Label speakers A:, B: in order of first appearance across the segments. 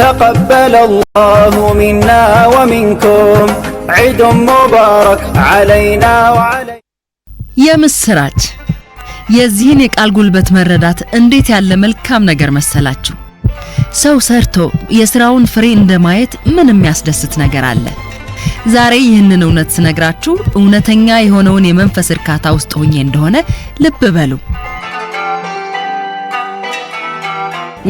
A: تقبل الله منا ومنكم عيد مبارك علينا وعلي يا مسراج የዚህን የቃል ጉልበት መረዳት እንዴት ያለ መልካም ነገር መሰላችሁ! ሰው ሰርቶ የስራውን ፍሬ እንደማየት ምን የሚያስደስት ነገር አለ? ዛሬ ይህንን እውነት ስነግራችሁ እውነተኛ የሆነውን የመንፈስ እርካታ ውስጥ ሆኜ እንደሆነ ልብ በሉ።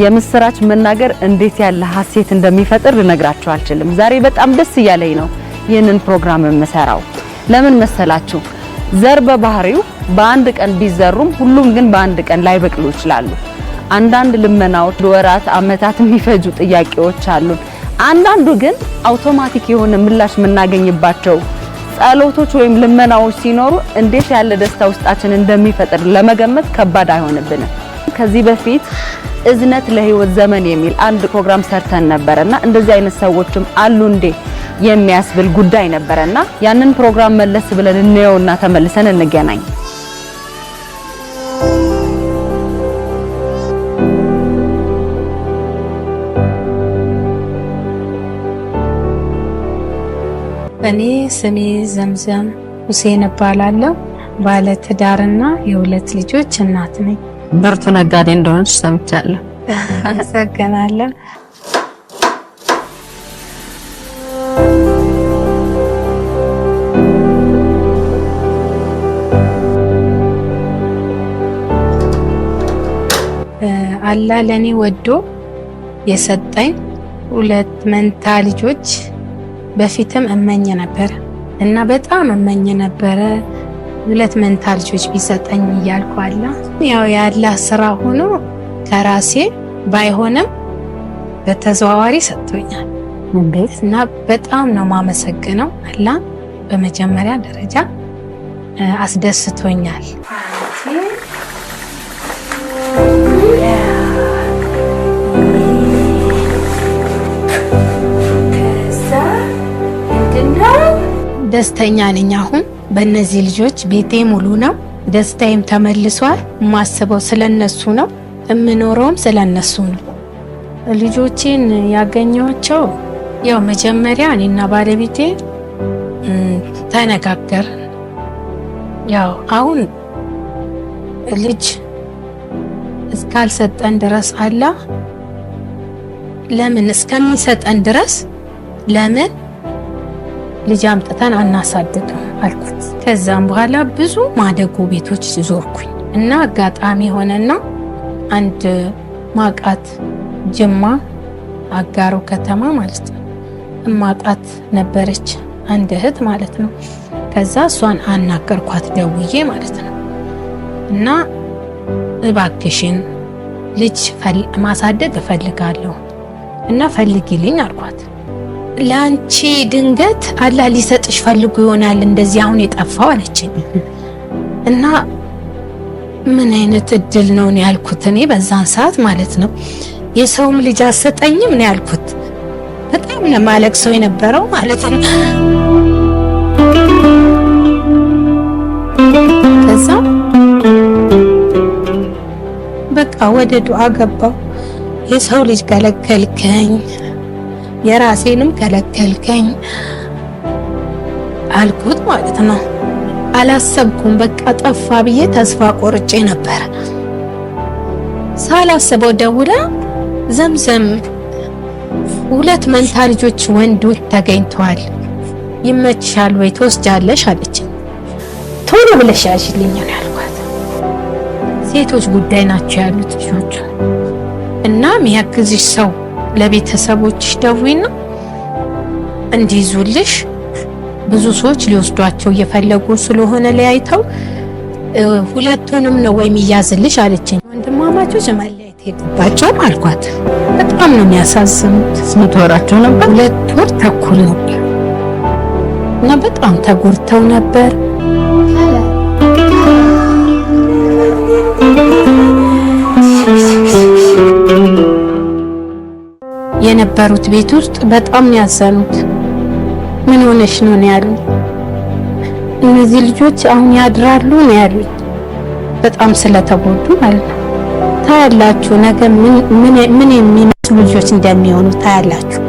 B: የምስራች መናገር እንዴት ያለ ሀሴት እንደሚፈጥር ልነግራችሁ አልችልም። ዛሬ በጣም ደስ እያለኝ ነው ይህንን ፕሮግራም የምሰራው። ለምን መሰላችሁ? ዘር በባህሪው በአንድ ቀን ቢዘሩም ሁሉም ግን በአንድ ቀን ላይበቅሉ ይችላሉ። አንዳንድ ልመናዎች፣ ወራት፣ አመታት የሚፈጁ ጥያቄዎች አሉን። አንዳንዱ ግን አውቶማቲክ የሆነ ምላሽ የምናገኝባቸው ጸሎቶች ወይም ልመናዎች ሲኖሩ እንዴት ያለ ደስታ ውስጣችን እንደሚፈጥር ለመገመት ከባድ አይሆንብንም። ከዚህ በፊት እዝነት ለህይወት ዘመን የሚል አንድ ፕሮግራም ሰርተን ነበረና እንደዚህ አይነት ሰዎችም አሉ እንዴ የሚያስብል ጉዳይ ነበረና ያንን ፕሮግራም መለስ ብለን እንየውና ተመልሰን እንገናኝ።
C: እኔ ስሜ ዘምዘም ሁሴን እባላለሁ። ባለ ትዳርና የሁለት ልጆች እናት ነኝ።
A: ብርቱ ነጋዴ እንደሆነች ሰምቻለሁ።
C: አመሰግናለሁ። አላ ለኔ ወዶ የሰጠኝ ሁለት መንታ ልጆች በፊትም እመኝ ነበረ እና በጣም እመኝ ነበረ። ሁለት መንታ ልጆች ቢሰጠኝ እያልኩ አለ። ያው ያለ ስራ ሆኖ ከራሴ ባይሆንም በተዘዋዋሪ ሰጥቶኛል እና በጣም ነው ማመሰግነው አላ በመጀመሪያ ደረጃ አስደስቶኛል። ደስተኛ ነኝ አሁን በእነዚህ ልጆች ቤቴ ሙሉ ነው። ደስታዬም ተመልሷል። የማስበው ስለነሱ ነው፣ እምኖረውም ስለነሱ ነው። ልጆቼን ያገኘኋቸው ያው መጀመሪያ እኔና ባለቤቴ ተነጋገርን። ያው አሁን ልጅ እስካልሰጠን ድረስ አላ ለምን እስከሚሰጠን ድረስ ለምን ልጅ አምጥተን አናሳድግም አልኩት። ከዛም በኋላ ብዙ ማደጎ ቤቶች ዞርኩኝ እና አጋጣሚ ሆነና አንድ ማቃት ጅማ አጋሮ ከተማ ማለት ነው እማቃት ነበረች፣ አንድ እህት ማለት ነው። ከዛ እሷን አናገርኳት ደውዬ ማለት ነው እና እባክሽን ልጅ ማሳደግ እፈልጋለሁ እና ፈልጊልኝ አልኳት። ለአንቺ ድንገት አላህ ሊሰጥሽ ፈልጎ ይሆናል እንደዚህ አሁን የጠፋው አለችኝ። እና ምን አይነት እድል ነው ነው ያልኩት እኔ በዛን ሰዓት ማለት ነው። የሰውም ልጅ አሰጠኝም ነው ያልኩት። በጣም ለማለቅ ሰው የነበረው ማለት ነው። ከዛ በቃ ወደ ዱዓ ገባው። የሰው ልጅ ገለገልከኝ የራሴንም ከለከልከኝ አልኩት ማለት ነው። አላሰብኩም። በቃ ጠፋ ብዬ ተስፋ ቆርጬ ነበር። ሳላስበው ደውላ ዘምዘም ሁለት መንታ ልጆች ወንዶች ተገኝተዋል፣ ይመችሻል ወይ ትወስጃለሽ አለች። ቶሎ ብለሽ ያዥልኝ ነው ያልኳት። ሴቶች ጉዳይ ናቸው ያሉት ልጆቹ እና ሚያግዝሽ ሰው ለቤተሰቦችሽ ደዊና እንዲይዙልሽ ብዙ ሰዎች ሊወስዷቸው እየፈለጉ ስለሆነ ለያይተው ሁለቱንም ነው ወይም ይያዝልሽ አለችኝ። ወንድማማቾች መለያየት ሄዱባቸው አልኳት። በጣም ነው የሚያሳዝኑት። ስንት ወራቸው ነበር? ሁለት ወር ተኩል ነበር እና በጣም ተጎድተው ነበር። የነበሩት ቤት ውስጥ በጣም ያዘኑት። ምን ሆነሽ ነው ያሉ። እነዚህ ልጆች አሁን ያድራሉ ነው ያሉኝ። በጣም ስለተጎዱ ማለት ነው። ታያላችሁ፣ ነገ ምን የሚመስሉ ልጆች እንደሚሆኑ ታያላችሁ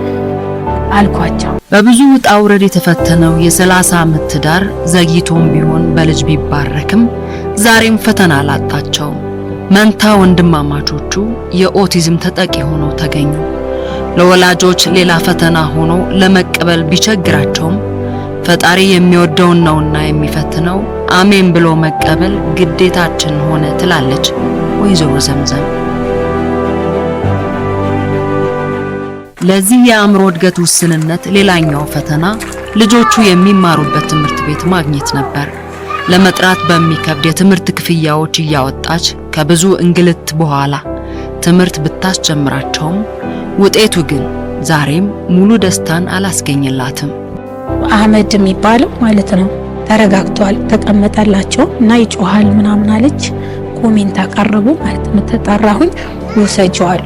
C: አልኳቸው።
A: በብዙ ውጣ ውረድ የተፈተነው የ30 ዓመት ትዳር ዘግይቶም ቢሆን በልጅ ቢባረክም ዛሬም ፈተና አላጣቸውም። መንታ ወንድማማቾቹ የኦቲዝም ተጠቂ ሆነው ተገኙ። ለወላጆች ሌላ ፈተና ሆኖ ለመቀበል ቢቸግራቸውም ፈጣሪ የሚወደውን ነውና የሚፈትነው፣ አሜን ብሎ መቀበል ግዴታችን ሆነ ትላለች ወይዘሮ ዘምዘም። ለዚህ የአእምሮ እድገት ውስንነት ሌላኛው ፈተና ልጆቹ የሚማሩበት ትምህርት ቤት ማግኘት ነበር። ለመጥራት በሚከብድ የትምህርት ክፍያዎች እያወጣች ከብዙ እንግልት በኋላ ትምህርት ብታስጀምራቸውም ውጤቱ ግን ዛሬም ሙሉ ደስታን አላስገኘላትም።
C: አህመድ የሚባለው ማለት ነው ተረጋግቷል፣ ተቀመጠላቸው እና ይጮሃል ምናምን አለች። ኮሜንት አቀረቡ ማለት ነው። ተጠራሁኝ ይወሰጀዋሉ።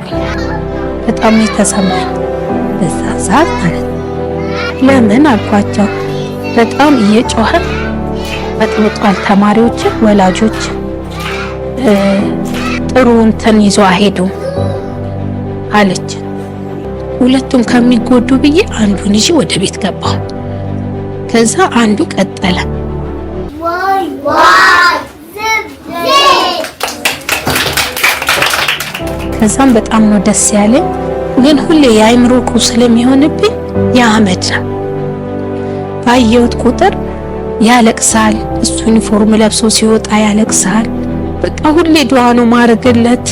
C: በጣም የተሰማኝ በዛ ሰዓት ማለት ነው። ለምን አልኳቸው። በጣም እየጮኸ በጥብጧል። ተማሪዎች፣ ወላጆች ጥሩ እንትን ይዞ አሄዱ አለች። ሁለቱም ከሚጎዱ ብዬ አንዱን ይዤ ወደ ቤት ገባሁ። ከዛ አንዱ ቀጠለ። ከዛም በጣም ነው ደስ ያለኝ። ግን ሁሌ የአይምሮ ቁስል ስለሚሆንብኝ የአመድ ነው ባየሁት ቁጥር ያለቅሳል። እሱ ዩኒፎርም ለብሶ ሲወጣ ያለቅሳል። በቃ ሁሌ ዱዓ ነው ማድረግለት።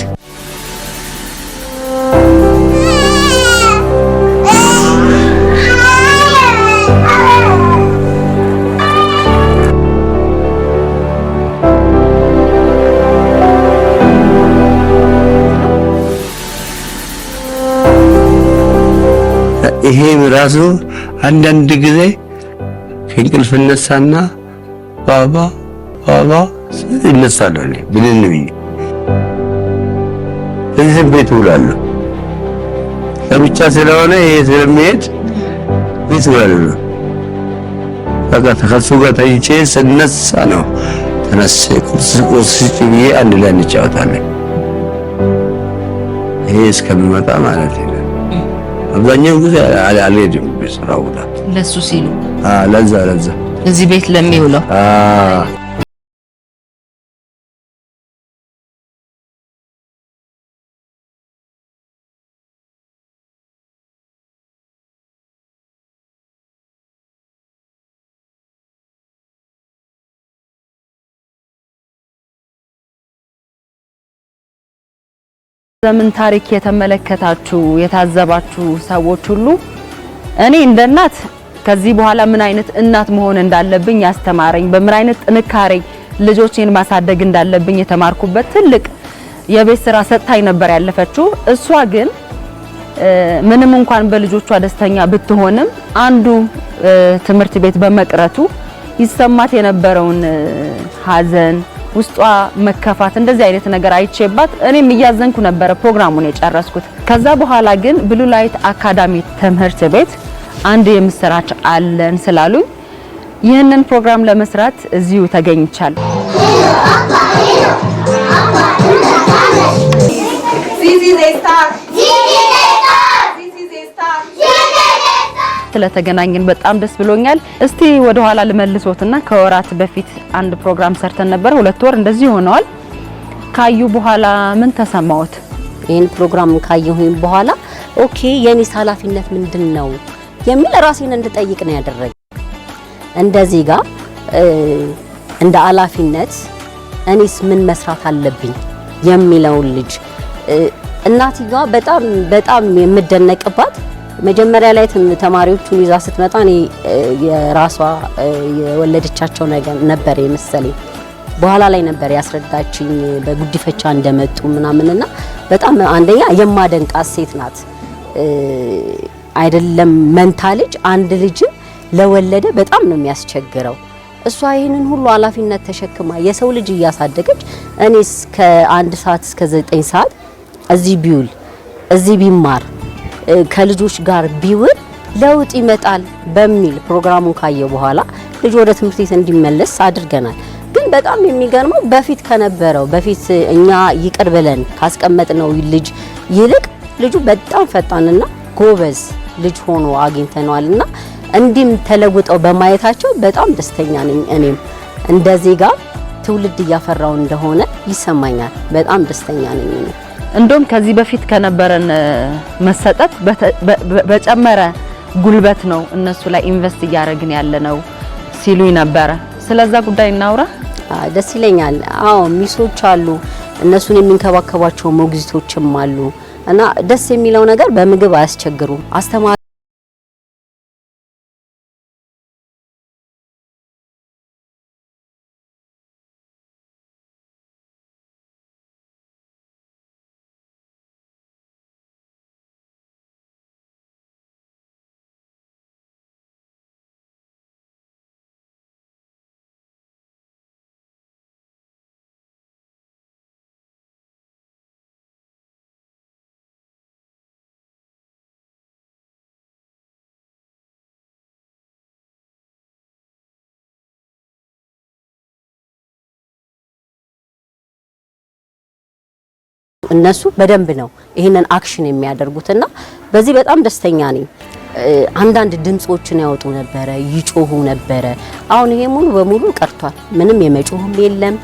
D: ይሄም ራሱ አንዳንድ ጊዜ ከእንቅልፍ እነሳና ባባ ባባ እነሳለሁ ብልን ብዬ እዚህ ቤት ውላለሁ። ለብቻ ስለሆነ ይሄ ስለሚሄድ ቤት ውላለሁ። በቃ ከሱ ጋር ተይቼ ስነሳ ነው ተነስ ቁርስ ብዬ አንድ ላይ እንጫወታለን። ይሄ እስከሚመጣ ማለት ነው። አብዛኛው ጊዜ አልሄድም ቤት ስራ ውላ ለሱ ሲሉ ለዛ ለዛ
A: እዚህ ቤት ለሚውለው
B: ዘመን ታሪክ የተመለከታችሁ የታዘባችሁ ሰዎች ሁሉ እኔ እንደ እናት ከዚህ በኋላ ምን አይነት እናት መሆን እንዳለብኝ ያስተማረኝ፣ በምን አይነት ጥንካሬ ልጆቼን ማሳደግ እንዳለብኝ የተማርኩበት ትልቅ የቤት ስራ ሰጥታኝ ነበር ያለፈችው። እሷ ግን ምንም እንኳን በልጆቿ ደስተኛ ብትሆንም አንዱ ትምህርት ቤት በመቅረቱ ይሰማት የነበረውን ሐዘን ውስጧ መከፋት እንደዚህ አይነት ነገር አይቼባት እኔም እያዘንኩ ነበረ ፕሮግራሙን የጨረስኩት። ከዛ በኋላ ግን ብሉ ላይት አካዳሚ ትምህርት ቤት አንድ የምስራች አለን ስላሉኝ ይህንን ፕሮግራም ለመስራት እዚሁ ተገኝቻል። ስለተገናኘን በጣም ደስ ብሎኛል። እስቲ ወደ ኋላ ልመልሶትና ከወራት በፊት አንድ ፕሮግራም ሰርተን ነበር። ሁለት ወር እንደዚህ ሆነዋል። ካዩ በኋላ ምን ተሰማዎት? ይህን ፕሮግራም ካየሁኝ በኋላ ኦኬ የኔስ ኃላፊነት ምንድን ነው የሚል ራሴን እንድጠይቅ ነው ያደረገ። እንደዚህ ጋር እንደ ኃላፊነት እኔስ ምን መስራት አለብኝ የሚለውን ልጅ እናትየዋ በጣም በጣም የምደነቅባት መጀመሪያ ላይ ተማሪዎቹን ይዛ ስትመጣ እኔ የራሷ የወለደቻቸው ነገር ነበር የመሰለኝ። በኋላ ላይ ነበር ያስረዳችኝ በጉዲፈቻ እንደመጡ ምናምንና በጣም አንደኛ የማደንቃት ሴት ናት። አይደለም መንታ ልጅ አንድ ልጅን ለወለደ በጣም ነው የሚያስቸግረው። እሷ ይህንን ሁሉ ኃላፊነት ተሸክማ የሰው ልጅ እያሳደገች እኔ እስከ አንድ ሰዓት እስከ ዘጠኝ ሰዓት እዚህ ቢውል እዚህ ቢማር ከልጆች ጋር ቢውል ለውጥ ይመጣል በሚል ፕሮግራሙን ካየ በኋላ ልጅ ወደ ትምህርት ቤት እንዲመለስ አድርገናል። ግን በጣም የሚገርመው በፊት ከነበረው በፊት እኛ ይቅር ብለን ካስቀመጥነው ልጅ ይልቅ ልጁ በጣም ፈጣንና ጎበዝ ልጅ ሆኖ አግኝተነዋል እና እንዲም ተለውጠው በማየታቸው በጣም ደስተኛ ነኝ። እኔም እንደ ዜጋ ትውልድ እያፈራው እንደሆነ ይሰማኛል። በጣም ደስተኛ ነኝ።
A: እንዲሁም ከዚህ በፊት ከነበረን መሰጠት በጨመረ ጉልበት ነው እነሱ ላይ ኢንቨስት እያደረግን ያለ ነው ሲሉኝ ነበረ። ስለዛ ጉዳይ እናውራ።
B: ደስ ይለኛል። አዎ ሚሶች አሉ፣ እነሱን የሚንከባከቧቸው ሞግዚቶችም አሉ እና ደስ የሚለው ነገር በምግብ አያስቸግሩም። አስተማሪ እነሱ በደንብ ነው ይህንን አክሽን የሚያደርጉትና በዚህ በጣም ደስተኛ ነኝ። አንዳንድ ድምፆችን ያወጡ ነበረ፣ ይጮሁ ነበረ። አሁን ይሄ ሙሉ በሙሉ ቀርቷል። ምንም የመጮህም የለም፣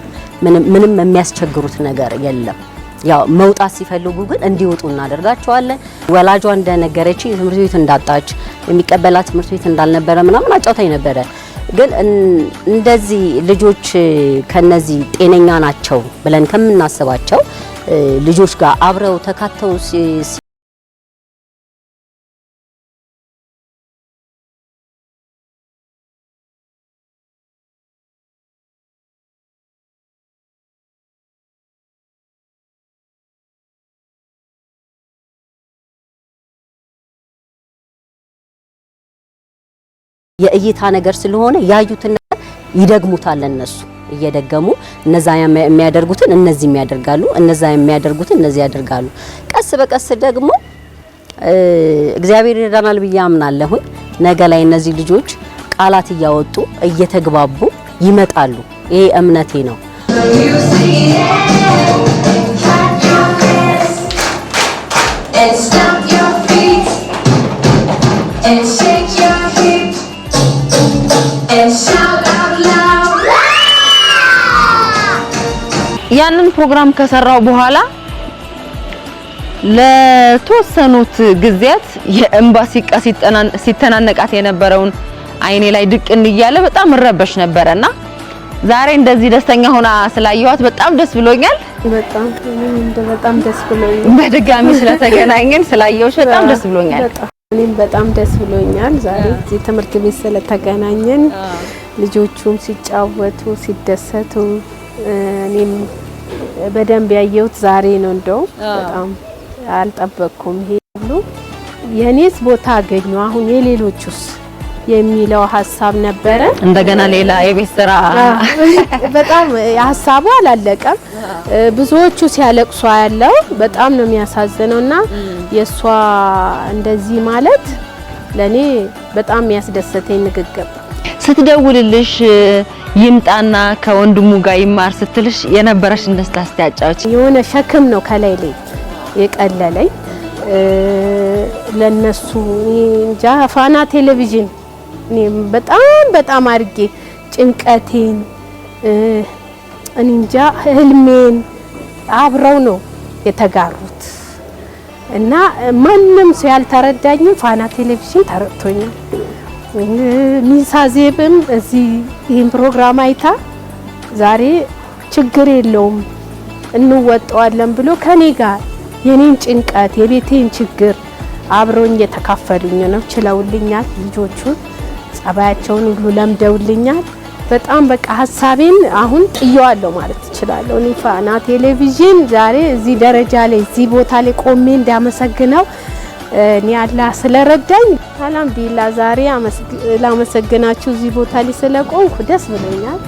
B: ምንም የሚያስቸግሩት ነገር የለም። ያው መውጣት ሲፈልጉ ግን እንዲወጡ እናደርጋቸዋለን። ወላጇ እንደነገረች ትምህርት ቤት እንዳጣች የሚቀበላት ትምህርት ቤት እንዳልነበረ ምናምን አጫውታኝ ነበረ። ግን እንደዚህ ልጆች ከነዚህ ጤነኛ ናቸው ብለን ከምናስባቸው ልጆች ጋር አብረው ተካተው የእይታ ነገር ስለሆነ ያዩትን ነገር ይደግሙታል እነሱ። እየደገሙ እነዛ የሚያደርጉትን እነዚህም ያደርጋሉ፣ እነዛ የሚያደርጉትን እነዚህ ያደርጋሉ። ቀስ በቀስ ደግሞ እግዚአብሔር ይረዳናል ብዬ አምናለሁኝ። ነገ ላይ እነዚህ ልጆች ቃላት እያወጡ እየተግባቡ ይመጣሉ። ይሄ እምነቴ ነው። ያንን ፕሮግራም ከሰራው በኋላ ለተወሰኑት ጊዜያት የእንባ ሲቃ ሲተናነቃት የነበረውን አይኔ ላይ ድቅን እያለ በጣም እረበሽ ነበረና ዛሬ እንደዚህ ደስተኛ ሆና ስላየኋት በጣም ደስ ብሎኛል።
C: በጣም ደስ ብሎኛል።
B: በድጋሚ ስለተገናኘን ስላየሁሽ በጣም ደስ ብሎኛል።
C: እኔም በጣም ደስ ብሎኛል። ዛሬ እዚህ ትምህርት ቤት ስለተገናኘን ልጆቹም ሲጫወቱ ሲደሰቱ እኔም በደንብ ያየሁት ዛሬ ነው። እንደው በጣም አልጠበቅኩም። ይሄ ሁሉ የኔስ ቦታ አገኙ አሁን የሌሎቹስ የሚለው ሀሳብ ነበረ።
A: እንደገና ሌላ የቤት ስራ
C: በጣም ሀሳቡ አላለቀም። ብዙዎቹ ሲያለቅሷ ያለው በጣም ነው የሚያሳዝነው እና የእሷ እንደዚህ ማለት ለእኔ በጣም ያስደሰተኝ ንግግር
A: ስትደውልልሽ ይምጣና ከወንድሙ ጋር ይማር ስትልሽ የነበረሽን ደስታ አስታጫዎች
C: የሆነ ሸክም ነው ከላይ ላይ የቀለለኝ ለነሱ እንጃ ፋና ቴሌቪዥን በጣም በጣም አድርጌ ጭንቀቴን እንጃ ህልሜን አብረው ነው የተጋሩት እና ማንም ሰው ያልተረዳኝም ፋና ቴሌቪዥን ተረድቶኛል። ሚሳዜብም እዚህ ይህን ፕሮግራም አይታ ዛሬ ችግር የለውም እንወጣዋለን ብሎ ከኔ ጋር የኔን ጭንቀት የቤቴን ችግር አብረውኝ የተካፈሉኝ ነው። ችለውልኛል። ልጆቹን ጸባያቸውን ሁሉ ለምደውልኛል። በጣም በቃ ሀሳቤን አሁን ጥየዋለሁ ማለት እችላለሁ። ፋና ቴሌቪዥን ዛሬ እዚህ ደረጃ ላይ እዚህ ቦታ ላይ ቆሜ እንዲያመሰግነው እኔ አላህ ስለረዳኝ አልሐምዱሊላህ ዛሬ ላመሰግናችሁ እዚህ ቦታ ላይ ስለቆምኩ ደስ ብሎኛል።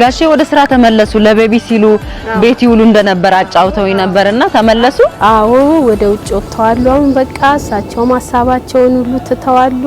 A: ጋሼ ወደ ስራ ተመለሱ። ለቤቢ ሲሉ ቤት ይውሉ እንደነበር አጫውተው ነበርና ተመለሱ?
C: አዎ ወደ ውጭ ወጥተዋሉ። አሁን በቃ እሳቸውም ሀሳባቸውን ሁሉ ትተዋሉ።